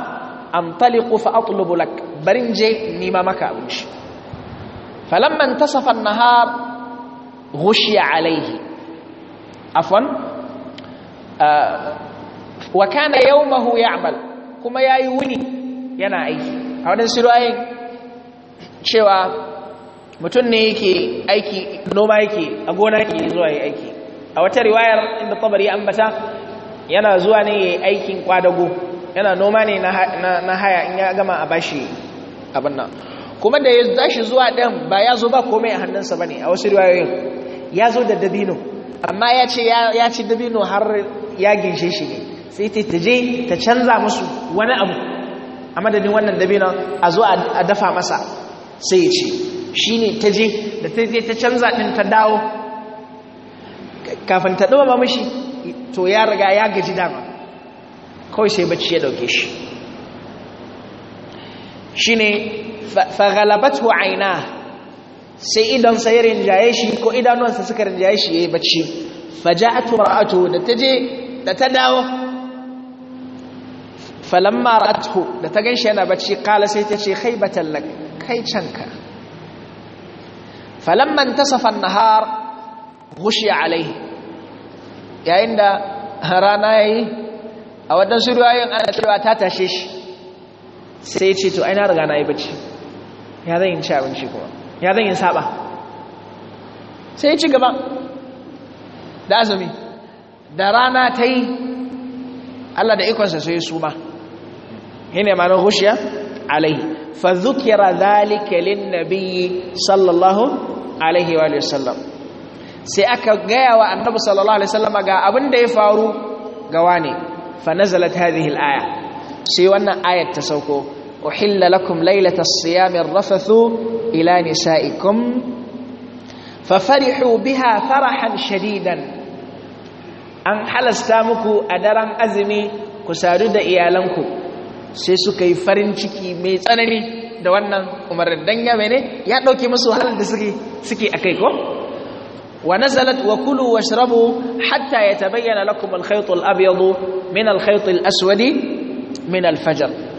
antaliqu fa atlubu lak barin je nima maka abinci falamma intasafa an-nahar ghushiya alayhi afwan uh, wa kana yawmahu ya'mal kuma yayi wuni yana aiki a wannan surayin cewa mutum ne yake aiki noma yake a gona yake zuwa yayi aiki a wata riwayar inda tabari ambata yana zuwa ne yayi aikin kwadago yana noma ne na haya in ya gama a bashi abin nan kuma da ya tashi zuwa Dan ba ya zo ba komai a hannunsa ba ne a wasu riwayoyin ya zo da dabino amma ya ce ya ci dabino har ya ginshe shi ne sai ta je ta canza musu wani abu a madadin wannan dabino a zo a dafa masa sai ya ce shi ne ta je da ta je ta canza ɗin ta dawo kafin ta ɗuma mashi to ya riga ya gaji dama kawai sai bacci ya ɗauke shi shi ne a aina sai idan ya rinjaye shi ko idanuwansa suka rinjaye shi ya yi bacci faja'atu ra'atu da ta je da ta dawo falamma ra'atu da ta ganshi yana bacci kala sai ta ce haibatan lak kai canka falamma intasafa an-nahar ghushiya alaihi yayin da rana yayi a wadansu ruwayoyin ana cewa ta tashe shi sai ya ce to aina na riga na yi bacci ya zan yi ci abinci kuma ya zan yi saba sai ya ci gaba da azumi da rana ta yi Allah da ikonsa sai su ba hine malar hushiya alai fazukira zalika lin nabiyyi sallallahu alaihi wa sallam sai aka gaya wa annabu sallallahu alaihi wasallam ga abin da ya faru ga wane fa nazalat hadhihi al-aya sai wannan ayat ta sauko أحل لكم ليلة الصيام الرفث إلى نسائكم ففرحوا بها فرحا شديدا أن حل استامك أدرا أزمي كسارد إيالنك سيسو كي فرنشكي ميتانني دوانا أمر الدنيا مني يأتوك مسو حل دسكي سكي أكيكو ونزلت وكلوا واشربوا حتى يتبين لكم الخيط الأبيض من الخيط الأسود من الفجر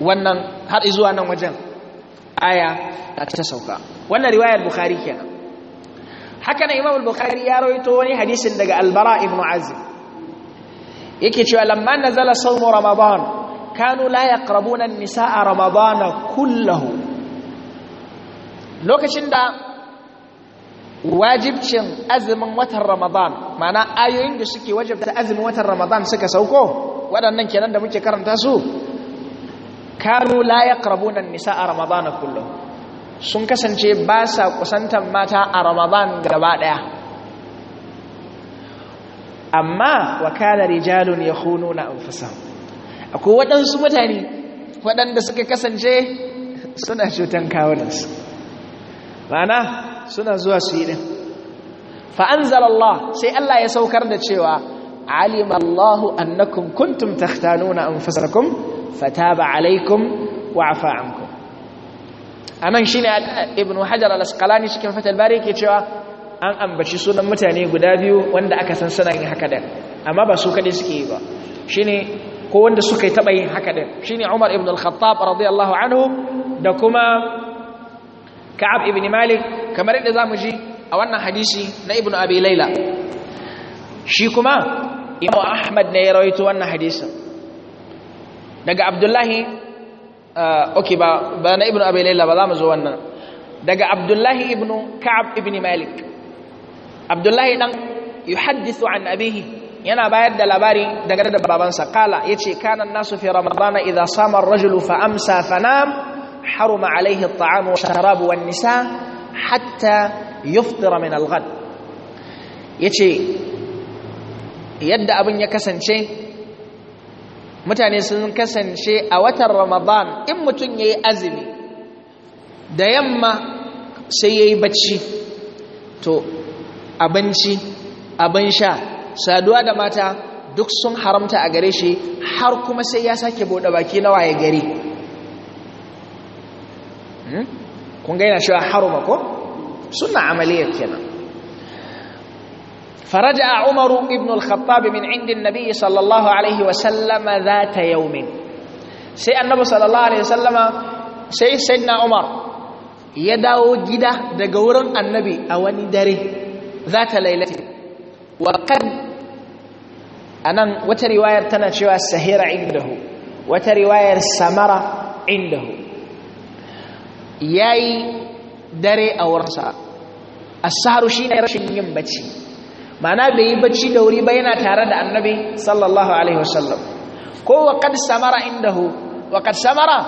wannan har zuwa nan wajen aya ta sauka wannan riwayar bukhari kenan haka na imam al-bukhari ya rawaito wani hadisin daga al-bara ibn azib yake cewa lamma nazala sawm ramadan kanu la yaqrabuna an-nisaa ramadana kullahu lokacin da wajibcin azumin watan ramadan ma'ana ayoyin da suke wajibta azumin watan ramadan suka sauko waɗannan kenan da muke karanta su kanu la yaqrabuna an-nisa a ramadana kullum sun kasance ba sa kusantan mata a ramadan gaba daya amma wa kana rijalun yakhununa anfusahum akwai waɗansu mutane waɗanda suka kasance suna cutan kawunansu ma'ana suna zuwa su yi din fa'anzar Allah sai Allah ya saukar da cewa alimallahu annakum kuntum na anfusakum fataba alaikum wa afa ankum anan shine ibnu hajar al-asqalani cikin fatal bari yake cewa an ambaci sunan mutane guda biyu wanda aka san suna yin haka din amma ba su kadai suke yi ba shine ko wanda suka yi taba yin haka din shine umar ibn al-khattab radiyallahu anhu da kuma ka'ab ibn malik kamar yadda zamu ji a wannan hadisi na ibn abi shi kuma imam ahmad ne ya rawaito wannan hadisin daga abdullahi ok ba ba na ibnu abi layla ba za mu zo wannan daga abdullahi ibnu ka'ab ibni malik abdullahi dan yuhaddisu an abihi yana bayar da labari daga da babansa kala yace kana nasu fi ramadana idza sama ar-rajulu fa amsa fa nam haruma alayhi at-ta'am wa sharab wa an-nisa hatta yuftira min al-ghad yace yadda abin ya kasance mutane sun kasance a watan ramadan in mutum ya yi azumi da yamma sai ya yi bacci to abinci abin sha saduwa da mata duk sun haramta a gare shi har kuma sai ya sake bude baki na waye gari hmm? kun gaina shi a haruma ko suna amaliyar kenan فرجع عمر بن الخطاب من عند النبي صلى الله عليه وسلم ذات يوم سي النبي صلى الله عليه وسلم سي سيدنا عمر يداو جدا دغورن النبي اواني دري ذات ليله وقد انا وتا روايه تنا cewa sahira indahu wata riwayar samara indahu yayi dare a wurinsa as-sahru shine rashin yin bacci ma'ana bai yi bacci da wuri ba yana tare da annabi sallallahu alaihi wasallam ko wa samara indahu wa kad samara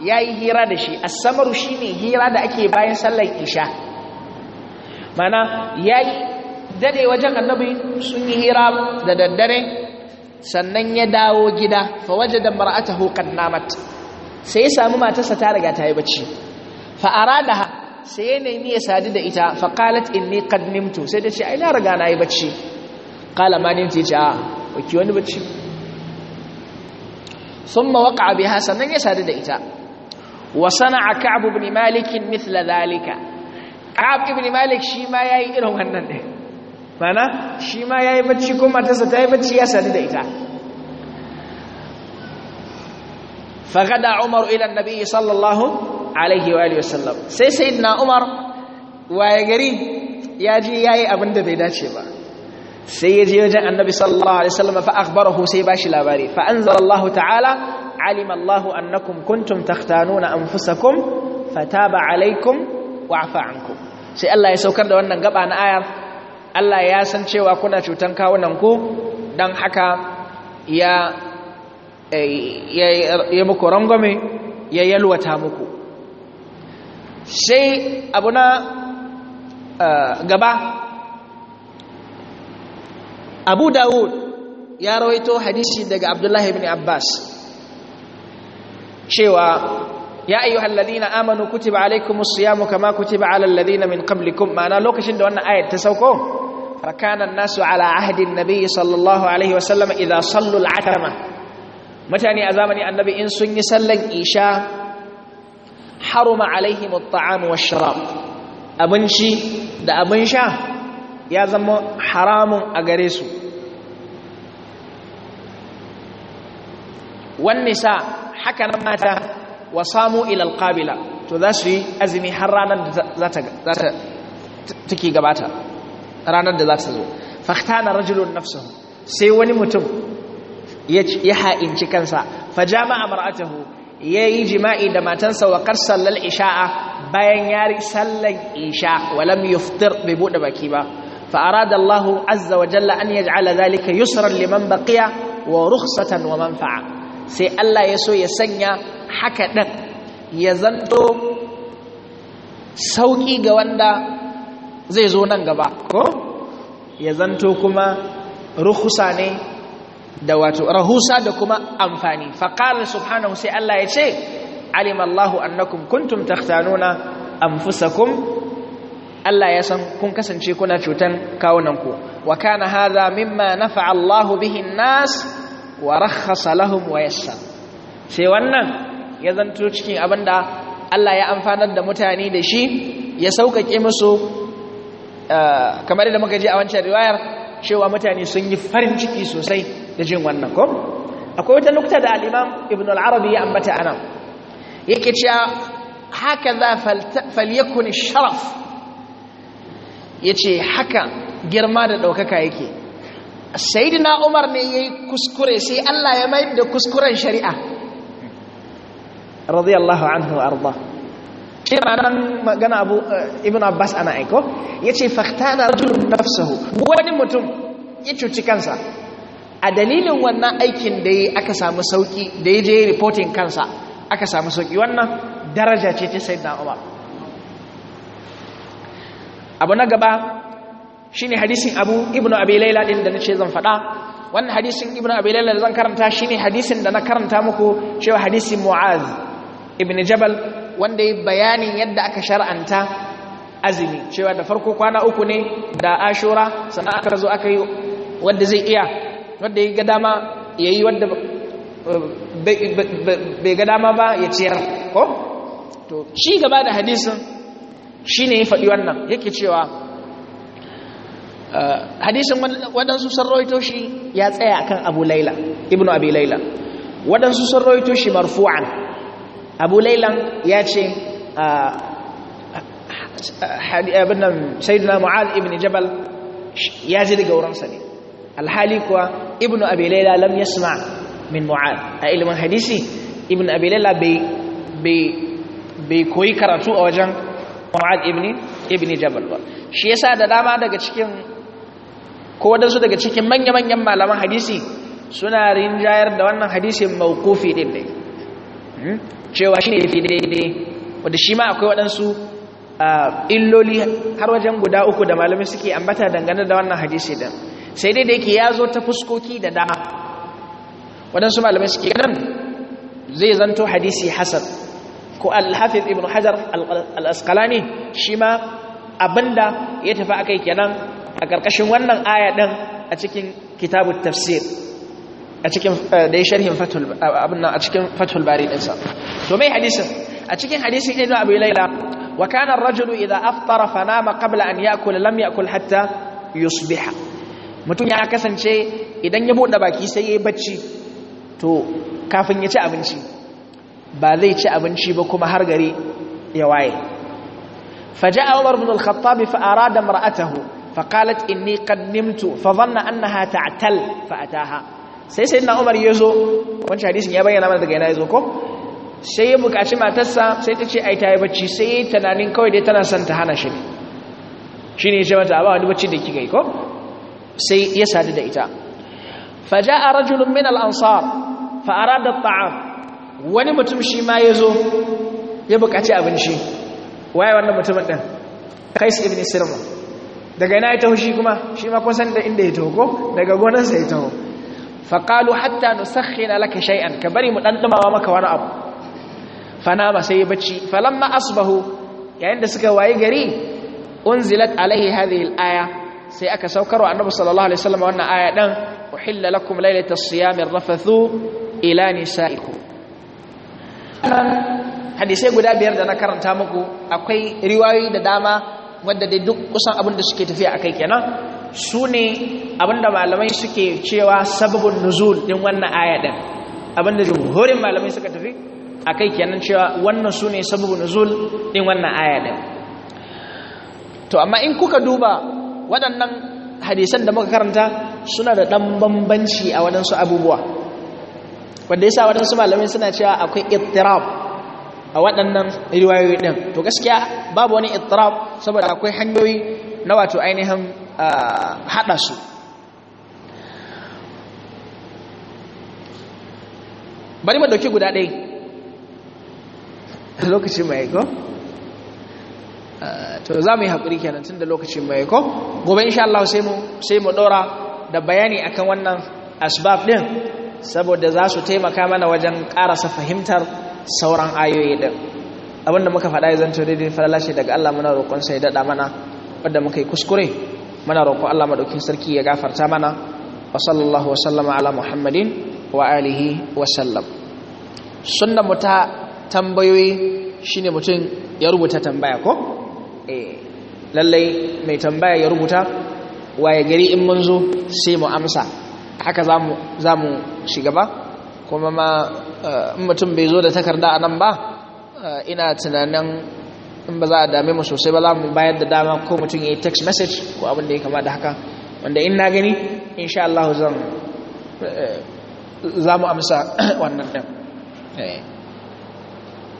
yayi hira da shi as-samaru shine hira da ake bayan sallar isha mana yayi dade wajen annabi sun yi hira da daddare sannan ya dawo gida fa wajada mar'atahu qad namat sai ya samu matarsa ta riga ta yi bacci fa aradaha sai ya nemi ya sadu da ita faƙalat inni qad nimtu sai ta ce ai na riga na yi bacci qala ma nimtu ya ce a waki wani bacci Sun mawaƙa waqa'a biha sannan ya sadu da ita wa sana'a ka'b bin malikin mithla dhalika ka'b bin malik shi ma yi irin wannan din mana shi ma yi bacci ko matarsa ta yi bacci ya sadu da ita fagada umar ila nabi sallallahu alaihi wa sallam sai sayyidina umar waye gari ya je yayi abin da bai dace ba sai ya je wajen annabi sallallahu alaihi wasallam fa akhbarahu sai bashi labari fa anzalallahu ta'ala alima Allahu annakum kuntum takhtanuna anfusakum fataba alaikum wa'fa ankum sai Allah ya saukar da wannan gaba na ayar Allah ya san cewa kuna cutan kawunan ku dan haka ya Eh, ya muku rangwame ya yalwata muku sai abu na eh, gaba abu dawud ya rawaito hadisi daga abdullahi ibn abbas cewa ya ayyuhal ladina amanu kutiba alaikum siyamu kama kutiba alal ladina min qablikum ma'ana lokacin da wannan ayat ta sauko فكان الناس على عهد النبي صلى الله عليه وسلم إذا صلوا العتمة mutane a zamani annabi in sun yi sallan isha haruma alaihim at-ta'am wash-sharab abinci da abin sha ya zama haramun a gare su wan nisa haka nan mata wa samu ila al-qabila to za su yi azumi har ranar da za ta za ta take gabata ranar da za ta zo fakhtana rajulun nafsuhu sai wani mutum ya ha'inci kansa fa jama'a mar'atahu yayi jima'i da matansa wa qarsal isha'a bayan yari sallar isha walam yuftir bai buɗe baki ba fa da allahu azza wa jalla an yaj'ala dhalika yusran liman baƙiya wa ruksatan wa manfa'a sai Allah ya so ya sanya haka din ya zanto ga wanda zai zo nan gaba ko ya zanto kuma ruhusa ne da wato rahusa da kuma amfani faƙalar subhanahu sai Allah ya ce alimallahu annakum kuntum takhtanuna anfusakum Allah ya san kun kasance kuna cutan kawunanku wa kana hadha mimma nafa'a Allahu bihi an-nas wa rakhasa lahum wa yassa sai wannan ya zanto cikin abinda Allah ya amfanar da mutane da shi ya sauƙaƙe musu eh, kamar da muka ji a wancan riwayar cewa mutane sun yi farin ciki sosai da jin wannan ko akwai wata nukta da al-imam ibn al-arabi ya ambata anan yake cewa hakaza falyakun sharaf yace haka girma da daukaka yake sayyidina umar ne yayi kuskure sai Allah ya mai da kuskuren shari'a radiyallahu anhu arda kiran magana abu ibn abbas ana aiko yace faktana rajulun nafsuhu wani mutum ya cuci kansa a dalilin wannan aikin da ya aka samu sauki da ya je reporting kansa aka samu sauki wannan daraja ce ta sai umar abu na gaba shi ne hadisin abu ibn abi ɗin da na ce zan faɗa wannan hadisin ibn abi da zan karanta shi ne hadisin da na karanta muku cewa hadisin mu'az ibn jabal wanda ya bayanin yadda aka shar'anta azumi cewa da farko kwana uku ne da ashura sannan aka zo aka yi wanda zai iya wanda ya ga dama ya yi wanda bai ga dama ba ya ciyar ko to shi gaba da hadisun shi ne ya faɗi wannan yake cewa ah, hadisun waɗansu sun shi ya tsaya akan abu laila Ibn Abu laila waɗansu sun shi marfu'an abu laila ya ce ah, ah, abin nan sayyidina mu'ad ibn jabal ya ji daga wurinsa ne alhali kuwa ibnu abi laila lam suna min mu'ad a ilimin hadisi ibnu abi laila bai koyi karatu a wajen mu'ad ibn ibni jabal ba shi yasa da dama daga cikin ko wadansu daga cikin manya-manyan malaman hadisi suna rinjayar da wannan hadisin mawqufi din ne hmm? cewa shi ne fi daidai wadda shi ma akwai waɗansu ah, illoli har wajen guda uku da malamai suke ambata dangane da wannan hadisi din sai dai da yake ya zo ta fuskoki da dama waɗansu malamai suke ganin zai zanto hadisi hasan ko alhafiz ibn hajar al-asqalani shi ma abinda ya tafi akai kenan a ƙarƙashin wannan aya ɗin a cikin kitabut tafsir a cikin eh, da ya sharhin fatul eh, abin a cikin fatul bari ɗinsa to mai hadisin a cikin hadisin ibn abu laila وكان الرجل إذا أفطر فنام قبل أن يأكل لم يأكل حتى يصبح mutum ya kasance idan ya buɗe baki sai ya yi bacci to kafin ya ci abinci ba zai ci abinci ba kuma har gari ya waye faja'a umar ibn al-khattab fa arada mar'atahu fa qalat inni qad nimtu fa dhanna annaha ta'tal fa ataha sai na umar yazo wannan hadisin ya bayyana mana daga yana yazo ko sai ya bukaci matarsa sai ta ce ai ta yi bacci sai tunanin kawai dai tana son ta hana shi shine ya ce mata ba wani bacci da kika yi ko sai ya sadu da ita faja'a rajulun min al-ansar fa taam wani mutum shi ma zo ya bukaci abinci waye wannan mutumin ɗin? Qais ibn Sirma daga ina ya taho shi kuma shi ma kun san da inda ya taho ko daga gonarsa ya taho fa qalu hatta nusakhkhina laka shay'an ka bari mu dan dumawa maka wani abu fanama sai ya bacci falamma asbahu yayin da suka waye gari unzilat alaihi hadhihi al-aya sai aka saukarwa annabi sallallahu alaihi wasallam wannan aya dan uhilla lakum laylata siyamir rafathu ila nisaikum hadisai guda biyar da na karanta muku akwai riwayoyi da dama wadda dai duk kusan abin da suke tafiya akai kenan su ne malamai suke cewa sababun nuzul din wannan aya din abinda jumhurin malamai suka tafi akai kenan cewa wannan su ne nuzul din wannan aya din to amma in kuka duba waɗannan hadisan da muka karanta suna da ɗan bambanci a waɗansu abubuwa wanda yasa waɗansu malamai suna cewa akwai ittirab a waɗannan riwayoyi ɗin to gaskiya babu wani ittirab saboda akwai hanyoyi na wato ainihin haɗa su bari mu ɗauki guda ɗaya lokaci mai ko Eh, to za mu yi haƙuri kenan tun da lokacin bai ko gobe insha Allah sai mu sai mu dora da bayani akan wannan asbab ɗin saboda za su taimaka mana wajen ƙarasa fahimtar sauran ayoyi din abinda muka faɗa ya zanto daidai falalashi daga Allah muna roƙon sai daɗa mana wanda muka yi kuskure muna roƙon Allah madaukin sarki ya gafarta mana wa sallallahu wa sallama ala muhammadin wa alihi wa sallam sunna mu ta tambayoyi shine mutum ya rubuta tambaya ko Eh, lallai mai tambaya ya rubuta waye gari in mun zo sai mu amsa haka za mu shiga ba kuma ma eh, mutum bai zo da takarda a nan ba eh, ina tunanin in ba za a dame mu sosai ba za mu bayar da dama ko mutum ya yi text message ko abin da ya kama da haka wanda in na gani insha Allah za mu amsa wannan ɗin